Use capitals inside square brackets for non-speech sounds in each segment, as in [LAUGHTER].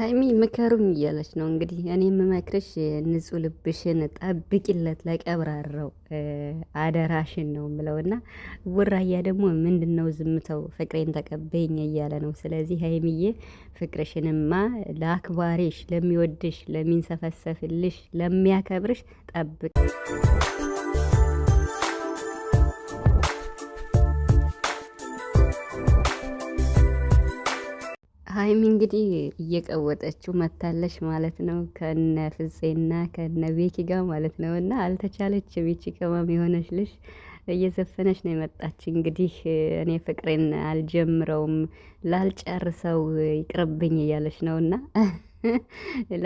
ሀይሚ ምከሩኝ እያለች ነው እንግዲህ። እኔ የምመክርሽ ንጹህ ልብሽን ጠብቂለት ለቀብራረው አደራሽን ነው ምለው እና ውራያ ደግሞ ምንድን ነው ዝምተው ፍቅሬን ተቀበይኝ እያለ ነው። ስለዚህ ሀይሚዬ ፍቅርሽንማ ለአክባሪሽ፣ ለሚወድሽ፣ ለሚንሰፈሰፍልሽ፣ ለሚያከብርሽ ጠብቅ ሀይሚ እንግዲህ እየቀወጠችው መታለች ማለት ነው። ከነ ፍፄና ከነ ቤኪ ጋር ማለት ነው። እና አልተቻለች ቤቺ ቅመም የሆነች ልጅ እየዘፈነች ነው የመጣች። እንግዲህ እኔ ፍቅሬን አልጀምረውም ላልጨርሰው ይቅርብኝ እያለች ነው እና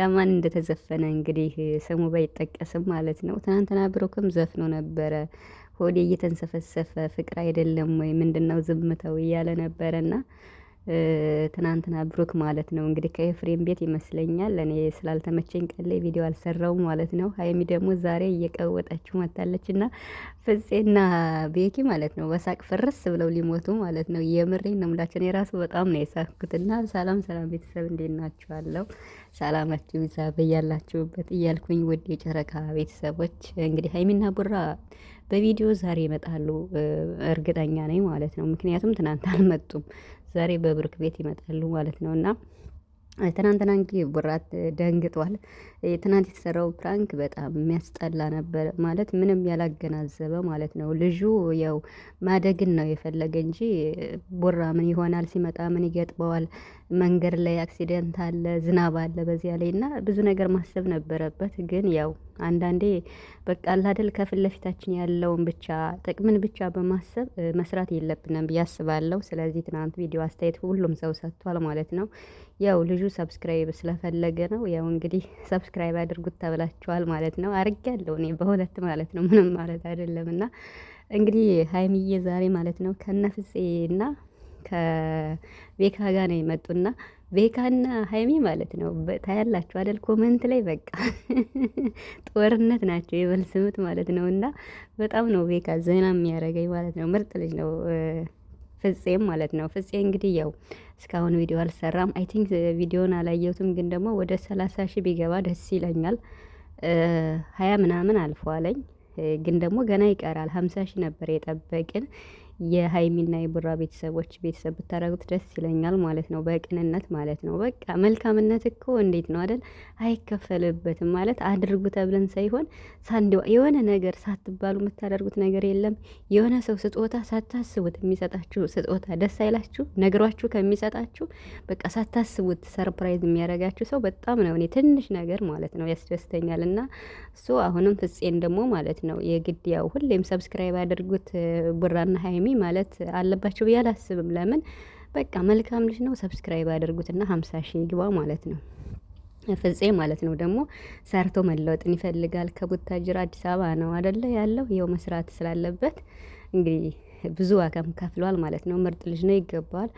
ለማን እንደተዘፈነ እንግዲህ ስሙ ባይጠቀስም ማለት ነው። ትናንትና ብሩክም ዘፍኖ ነበረ። ሆዴ እየተንሰፈሰፈ ፍቅር አይደለም ወይ ምንድነው ዝምተው እያለ ነበረና ትናንትና ብሩክ ማለት ነው እንግዲህ ከኤፍሬም ቤት ይመስለኛል እኔ ስላልተመቸኝ ቀን ላይ ቪዲዮ አልሰራውም ማለት ነው። ሀይሚ ደግሞ ዛሬ እየቀወጠችው መታለች እና ፍፄና ቤኪ ማለት ነው በሳቅ ፍርስ ብለው ሊሞቱ ማለት ነው። የምሬን ነው የምላቸው እኔ ራሱ በጣም ነው የሳኩትና ሰላም ሰላም ቤተሰብ እንዴት ናችኋለሁ? ሰላማችሁ ይዛ በያላችሁበት እያልኩኝ ውድ የጨረቃ ቤተሰቦች እንግዲህ ሀይሚና ቡራ በቪዲዮ ዛሬ ይመጣሉ እርግጠኛ ነኝ ማለት ነው። ምክንያቱም ትናንት አልመጡም። ዛሬ በብሩክ ቤት ይመጣሉ ማለት ነው እና ትናንትና እንግዲህ ቡራት ደንግጧል። ትናንት የተሰራው ፕራንክ በጣም የሚያስጠላ ነበር ማለት ምንም ያላገናዘበ ማለት ነው። ልጁ ያው ማደግን ነው የፈለገ እንጂ ቡራ ምን ይሆናል ሲመጣ ምን ይገጥመዋል መንገድ ላይ አክሲደንት አለ፣ ዝናብ አለ በዚያ ላይ እና ብዙ ነገር ማሰብ ነበረበት። ግን ያው አንዳንዴ በቃ አላደል ከፊት ለፊታችን ያለውን ብቻ ጥቅምን ብቻ በማሰብ መስራት የለብንም ብዬ አስባለሁ። ስለዚህ ትናንት ቪዲዮ አስተያየት ሁሉም ሰው ሰጥቷል ማለት ነው። ያው ልጁ ሰብስክራይብ ስለፈለገ ነው። ያው እንግዲህ ሰብስክራይብ አድርጉት ተብላችኋል ማለት ነው። አድርጌያለሁ እኔ በሁለት ማለት ነው። ምንም ማለት አይደለም እና እንግዲህ ሀይሚዬ ዛሬ ማለት ነው ከነፍሴ እና ከቤካ ጋር ነው የመጡና ቤካና ሀይሚ ማለት ነው። ታያላችሁ አደል ኮመንት ላይ በቃ [LAUGHS] ጦርነት ናቸው የበልስምት ማለት ነው። እና በጣም ነው ቬካ ዘና የሚያደርገኝ ማለት ነው። ምርጥ ልጅ ነው ፍጼም ማለት ነው። ፍጼ እንግዲህ ያው እስካሁን ቪዲዮ አልሰራም። አይ ቲንክ ቪዲዮን አላየሁትም፣ ግን ደግሞ ወደ ሰላሳ ሺህ ቢገባ ደስ ይለኛል። ሀያ ምናምን አልፏለኝ፣ ግን ደግሞ ገና ይቀራል። ሀምሳ ሺህ ነበር የጠበቅን የሀይሚና የቡራ ቤተሰቦች ቤተሰብ ብታደረጉት ደስ ይለኛል ማለት ነው። በቅንነት ማለት ነው። በቃ መልካምነት እኮ እንዴት ነው አይደል? አይከፈልበትም ማለት አድርጉ ተብለን ሳይሆን የሆነ ነገር ሳትባሉ የምታደርጉት ነገር የለም። የሆነ ሰው ስጦታ ሳታስቡት የሚሰጣችሁ ስጦታ ደስ አይላችሁ? ነግሯችሁ ከሚሰጣችሁ በቃ ሳታስቡት ሰርፕራይዝ የሚያደርጋችሁ ሰው በጣም ነው እኔ ትንሽ ነገር ማለት ነው ያስደስተኛል። እና እሱ አሁንም ፍጼን ደግሞ ማለት ነው የግድ ያው ሁሌም ሰብስክራይብ አድርጉት ቡራና ሀይሚ ማለት አለባቸው ብዬ አላስብም። ለምን በቃ መልካም ልጅ ነው። ሰብስክራይብ አድርጉትና ሀምሳ ሺህ ግባ ማለት ነው። ፍጼ ማለት ነው ደግሞ ሰርቶ መለወጥን ይፈልጋል። ከቡታጅር አዲስ አበባ ነው አደለ ያለው። ይኸው መስራት ስላለበት እንግዲህ ብዙ ዋጋም ከፍሏል ማለት ነው። ምርጥ ልጅ ነው ይገባዋል።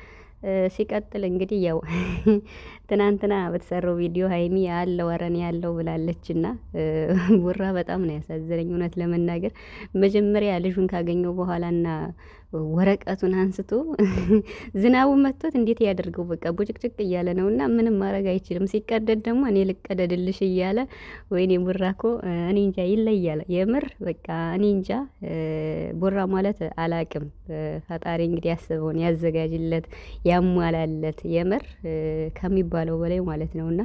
ሲቀጥል እንግዲህ ያው [LAUGHS] ትናንትና በተሰራው ቪዲዮ ሀይሚ ያለው ወረን ያለው ብላለች እና ቡራ በጣም ነው ያሳዘነኝ። እውነት ለመናገር መጀመሪያ ልጁን ካገኘው በኋላና ወረቀቱን አንስቶ [LAUGHS] ዝናቡ መጥቶት እንዴት ያደርገው በቃ ቡጭቅጭቅ እያለ ነው እና ምንም ማድረግ አይችልም። ሲቀደድ ደግሞ እኔ ልቀደድልሽ እያለ ወይኔ ቡራ እኮ እኔ እንጃ ይለያል። የምር በቃ እኔ እንጃ ቡራ ማለት አላቅ አላቅም። ፈጣሪ እንግዲህ ያስበውን ያዘጋጅለት፣ ያሟላለት የምር ከሚባለው በላይ ማለት ነውና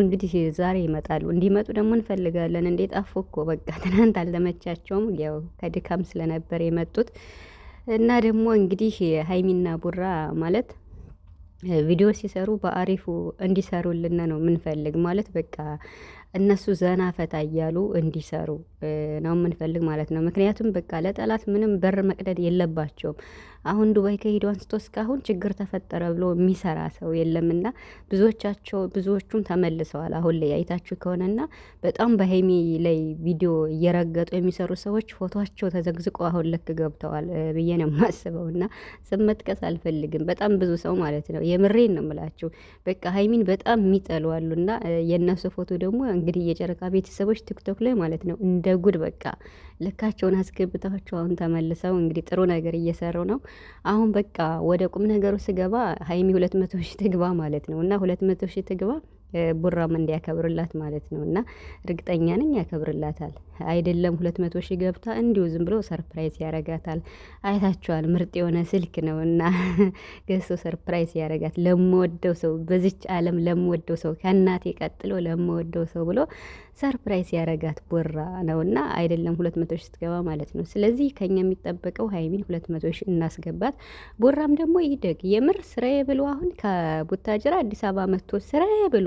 እንግዲህ ዛሬ ይመጣሉ። እንዲመጡ ደግሞ እንፈልጋለን። እንዴ ጣፉ እኮ በቃ [LAUGHS] ትናንት አልተመቻቸውም፣ ያው ከድካም ስለነበር የመጡት እና ደግሞ እንግዲህ ሀይሚና ቡራ ማለት ቪዲዮ ሲሰሩ በአሪፉ እንዲሰሩልን ነው የምንፈልግ። ማለት በቃ እነሱ ዘና ፈታ እያሉ እንዲሰሩ ነው የምንፈልግ ማለት ነው። ምክንያቱም በቃ ለጠላት ምንም በር መቅደድ የለባቸውም። አሁን ዱባይ ከሄዱ አንስቶ እስካሁን ችግር ተፈጠረ ብሎ የሚሰራ ሰው የለምና ብዙዎቻቸው ብዙዎቹም ተመልሰዋል። አሁን ላይ አይታችሁ ከሆነና በጣም በሀይሚ ላይ ቪዲዮ እየረገጡ የሚሰሩ ሰዎች ፎቶቸው ተዘግዝቆ አሁን ልክ ገብተዋል ብዬ ነው የማስበው። እና ስም መጥቀስ አልፈልግም። በጣም ብዙ ሰው ማለት ነው። የምሬን ነው የምላችሁ። በቃ ሀይሚን በጣም የሚጠሉ አሉና የእነሱ ፎቶ ደግሞ እንግዲህ የጨረቃ ቤተሰቦች ቲክቶክ ላይ ማለት ነው እንደ ጉድ በቃ ልካቸውን አስገብታቸው አሁን ተመልሰው እንግዲህ ጥሩ ነገር እየሰሩ ነው። አሁን በቃ ወደ ቁም ነገሩ ስገባ ሀይሚ ሁለት መቶ ሺህ ትግባ ማለት ነው እና ሁለት መቶ ሺህ ትግባ ቡራም እንዲያከብርላት ማለት ነው። እና እርግጠኛ ነኝ ያከብርላታል። አይደለም ሁለት መቶ ሺህ ገብታ እንዲሁ ዝም ብሎ ሰርፕራይዝ ያረጋታል። አይታችኋል፣ ምርጥ የሆነ ስልክ ነው እና [LAUGHS] ገዝቶ ሰርፕራይዝ ያረጋት ለምወደው ሰው፣ በዚች ዓለም ለምወደው ሰው፣ ከእናቴ ቀጥሎ ለምወደው ሰው ብሎ ሰርፕራይዝ ያረጋት ቦራ ነው እና አይደለም ሁለት መቶ ሺህ ስትገባ ማለት ነው። ስለዚህ ከኛ የሚጠበቀው ሀይሚን ሁለት መቶ ሺህ እናስገባት። ቦራም ደግሞ ይደግ የምር ስራዬ ብሎ አሁን ከቡታጅራ አዲስ አበባ መጥቶ ስራዬ ብሎ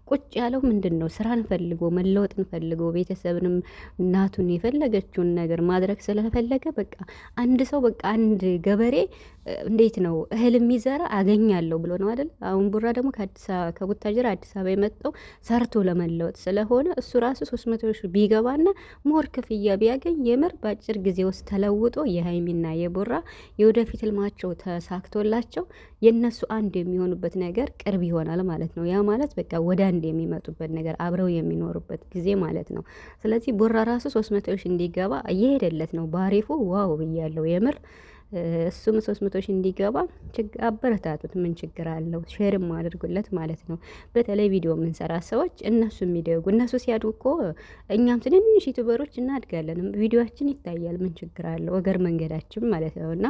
ቁጭ ያለው ምንድን ነው? ስራን ፈልጎ መለወጥን ፈልጎ ቤተሰብንም እናቱን የፈለገችውን ነገር ማድረግ ስለፈለገ በቃ አንድ ሰው በቃ አንድ ገበሬ እንዴት ነው እህል የሚዘራ አገኛለሁ ብሎ ነው አይደል? አሁን ቡራ ደግሞ ከቡታጅራ አዲስ አበባ የመጣው ሰርቶ ለመለወጥ ስለሆነ እሱ ራሱ ሶስት መቶ ሺ ቢገባና ሞር ክፍያ ቢያገኝ የምር በአጭር ጊዜ ውስጥ ተለውጦ የሀይሚና የቡራ የወደፊት ህልማቸው ተሳክቶላቸው የእነሱ አንድ የሚሆኑበት ነገር ቅርብ ይሆናል ማለት ነው። ያ ማለት በቃ ወደ አንድ አንድ የሚመጡበት ነገር አብረው የሚኖሩበት ጊዜ ማለት ነው። ስለዚህ ቦራ ራሱ ሶስት መቶ እንዲገባ እየሄደለት ነው ባሪፉ። ዋው ብያለው የምር እሱም ሶስት መቶ እንዲገባ አበረታቱት። ምን ችግር አለው? ሼርም አድርጉለት ማለት ነው። በተለይ ቪዲዮ የምንሰራ ሰዎች እነሱ የሚደጉ እነሱ ሲያድጉ እኮ እኛም ትንንሽ ዩቱበሮች እናድጋለን። ቪዲዮችን ይታያል። ምን ችግር አለው? እግር መንገዳችን ማለት ነው እና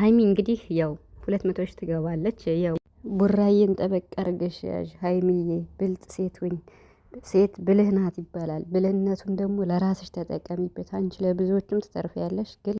ሀይሚ እንግዲህ ያው ሁለት መቶ ትገባለች ያው ቡራዬን ጠበቅ አድርገሽ ያዥ ሀይሚዬ ብልጥ ሴት ሁኝ። ሴት ብልህ ናት ይባላል። ብልህነቱን ደግሞ ለራስሽ ተጠቀሚበት። አንቺ ለብዙዎችም ትተርፊያለሽ ግል።